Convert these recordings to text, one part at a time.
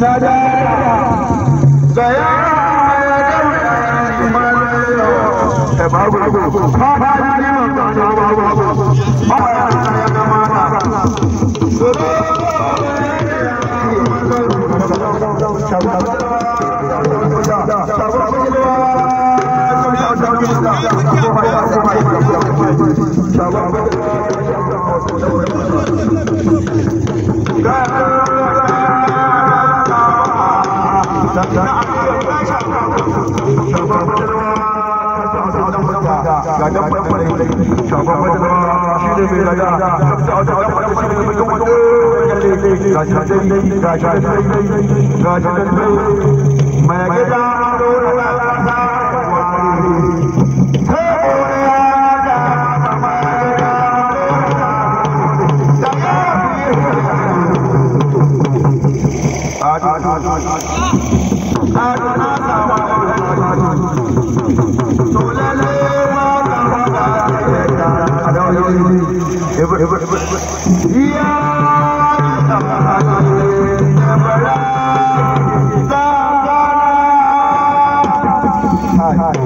Nada. आज आज आज आज hi, hi.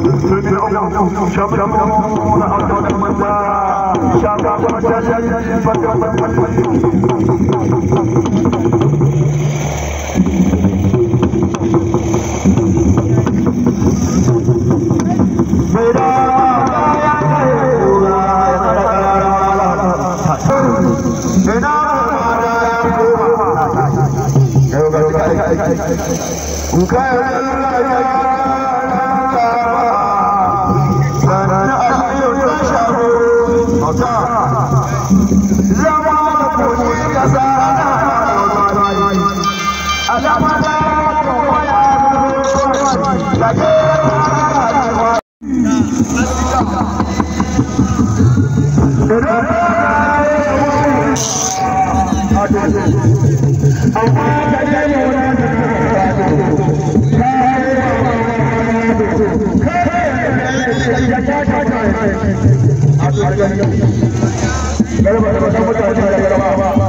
ندعو شبابون أطلمتا شبابتا मेरा Bukan Garba da mutane da garba ba.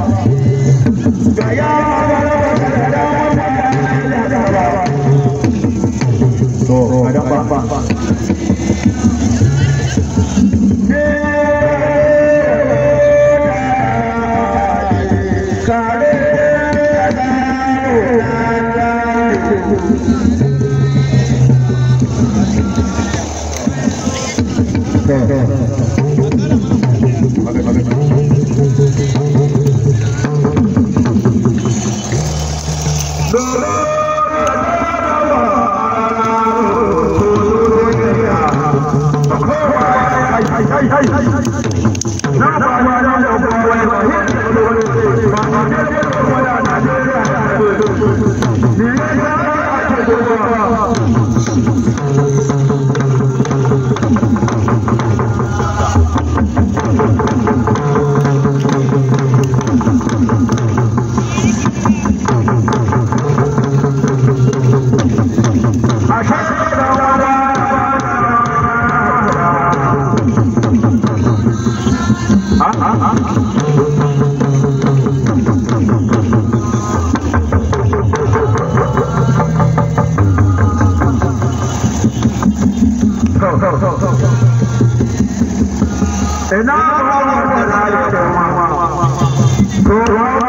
Vai, vai, vai. Oh,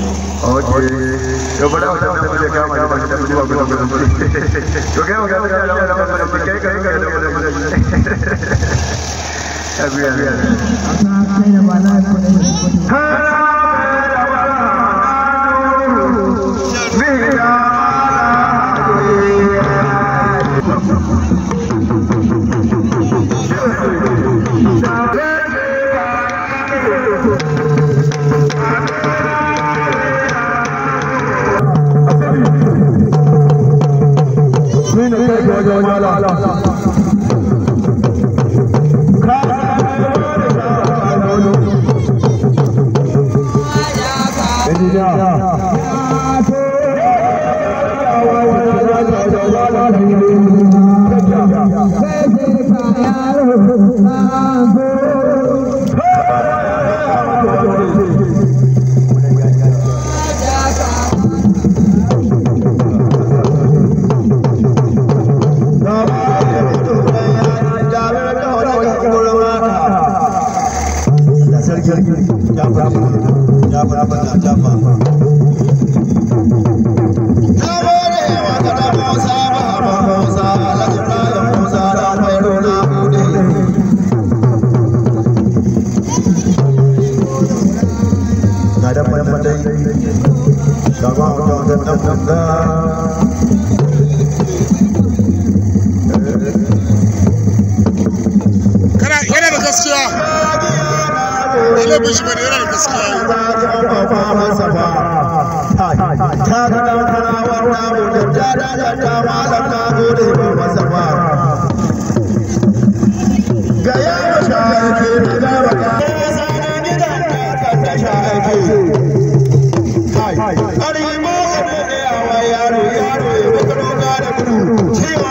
اڄ جو 是这样 Hadapan Mandai Sama Undang dan Nam Undang Kana yana da gaskiya Ba laifin shi bane yana da gaskiya Ta ga dan kana ba ta mu ta da ta malam na gode ba masa ba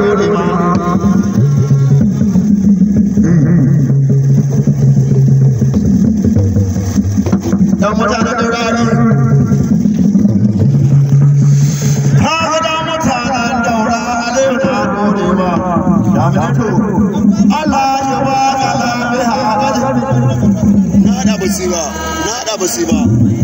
gode ma dan mutanen daurari na da ya na da basiba na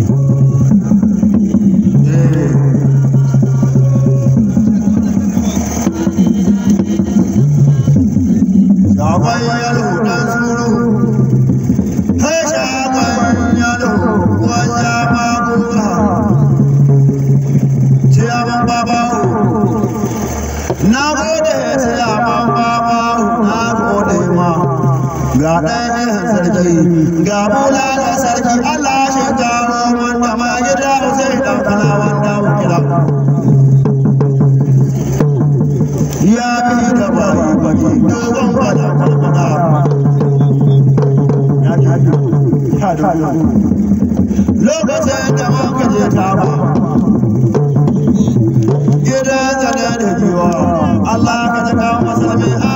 na gode siyaman babahu na gode ma ga ɗaya sarki ga bulala sarki allah shi karo wanda ma gida sai dan kala wanda wakila ya bi gaba yi baki dogon fada kwalkwada lokacin da muka je taba ya ka da da Allah ka taka